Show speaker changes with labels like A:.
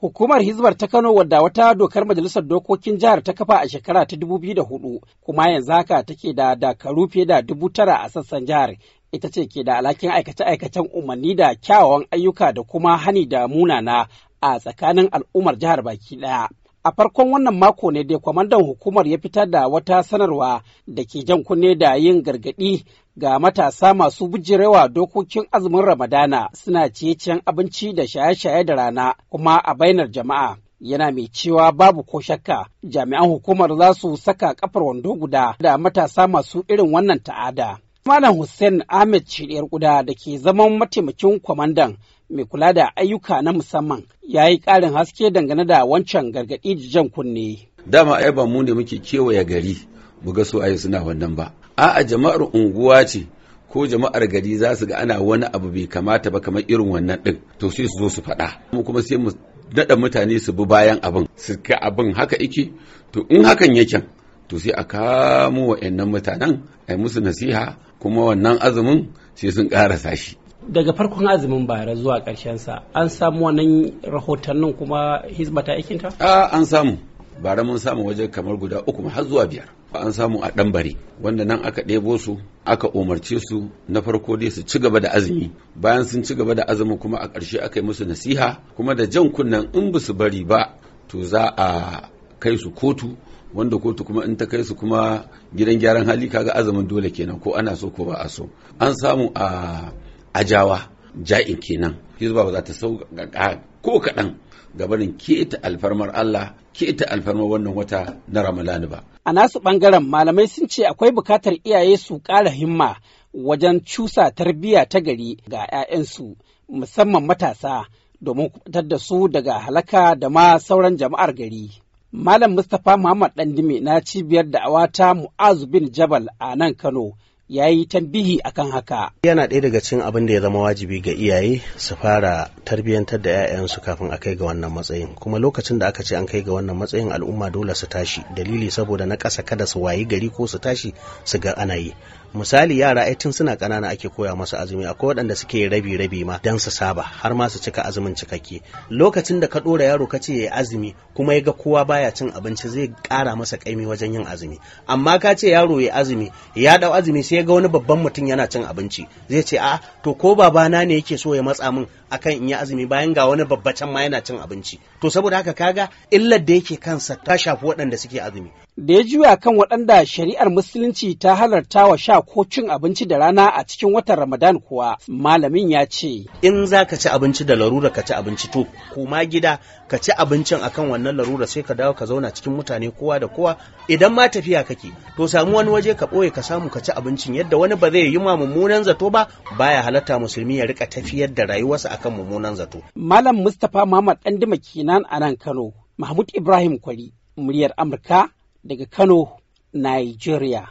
A: Hukumar Hizbar ta Kano wadda wata dokar Majalisar Dokokin Jihar ta kafa a shekara ta 2004 kuma yanzu haka take da dakaru fiye da dubu tara a sassan jihar ita ce ke da alhakin aikace-aikacen umarni da kyawawan ayyuka da kuma hani da munana a tsakanin al'ummar jihar baki ɗaya. A farkon wannan mako ne dai kwamandan hukumar ya fitar da wata sanarwa da ke jan kunne da yin gargaɗi ga matasa masu bijirewa dokokin azumin Ramadana suna ciye-ciyen abinci da shaye-shaye da rana kuma a bainar jama'a. Yana mai cewa babu ko shakka jami'an hukumar za su saka kafar wando guda da matasa masu irin wannan ta'ada. Malam Hussein Ahmed Shiriyar Kuda da ke zaman mataimakin kwamandan mai kula da ayyuka na musamman ya yi ƙarin
B: haske dangane da wancan gargaɗi da jan kunne. Dama ai ba mu ne muke kewaye gari mu ga su ayi suna wannan ba. A'a jama'ar unguwa ce ko jama'ar gari za su ga ana wani abu bai kamata ba kamar irin wannan ɗin to sai su zo su faɗa. Mu kuma sai mu daɗa mutane su bi bayan abin su ga abin haka ike to in hakan yake to sai a kamo wa'annan mutanen a yi musu nasiha kuma wannan azumin sai sun ƙara sashi.
A: daga farkon azumin bara zuwa sa an samu wannan rahotannin kuma hizba ta
B: a an samu bara mun samu waje kamar guda uku har zuwa biyar an samu a ɗanbare wanda nan aka ɗebo su aka umarce su na farko dai su ci gaba da azumi bayan sun ci gaba da azumi kuma a ƙarshe aka yi musu nasiha kuma da jan kunnen in ba su bari ba to za a kai su kotu wanda kotu kuma in ta kai su kuma gidan gyaran hali kaga azumin dole kenan ko ana so ko ba a so an samu a ajawa ja'in kenan hizba ba za ta sau ko kaɗan gabanin keta alfarmar Allah keta alfarmar wannan wata na ramalani ba. A nasu ɓangaren
A: malamai sun ce akwai bukatar iyaye su ƙara himma wajen cusa tarbiyya ta gari ga 'ya'yansu musamman matasa domin kubutar da su daga halaka da ma sauran jama'ar gari. Malam Mustapha Muhammad Dandime na cibiyar da'awa ta Mu'azu bin Jabal a nan Kano ya yi tambihi akan haka.
C: Yana ɗaya daga cikin abin da ya zama wajibi ga iyaye su fara tarbiyyantar da 'ya'yansu kafin a kai ga wannan matsayin kuma lokacin da aka ce an kai ga wannan matsayin al'umma dole su tashi dalili saboda na ƙasa kada su wayi gari ko su tashi su ga ana yi misali yara ai tun suna ƙanana ake koya masu azumi akwai waɗanda suke rabi rabi ma dan su saba har ma su cika azumin cikakke lokacin da ka ɗora yaro ka ce ya azumi kuma ya ga kowa baya cin abinci zai ƙara masa ƙaimi wajen yin azumi amma ka ce yaro ya azumi ya ɗau azumi sai ya ga wani babban mutum yana cin abinci zai ce a'a to ko babana ne yake so ya matsa min akan in yi azumi bayan ga wani babbacan ma yana cin abinci to saboda haka kaga illar da yake kansa ta shafi waɗanda suke azumi da ya juya kan waɗanda
A: shari'ar musulunci ta halarta wa sha ko cin abinci da rana a cikin watan ramadan kuwa
C: malamin ya ce in za ka ci abinci da larura ka ci abinci to kuma gida ka ci abincin akan wannan larura sai ka dawo ka zauna cikin mutane kowa da kowa idan ma tafiya kake to samu wani waje ka ɓoye ka samu ka ci abincin yadda wani ba zai yi ma mummunan zato ba baya halatta musulmi ya rika tafiyar da rayuwarsa akan mummunan zato
A: malam mustapha muhammad dandima kenan a nan kano mahmud ibrahim kwari muryar amurka daga Kano, Nigeria.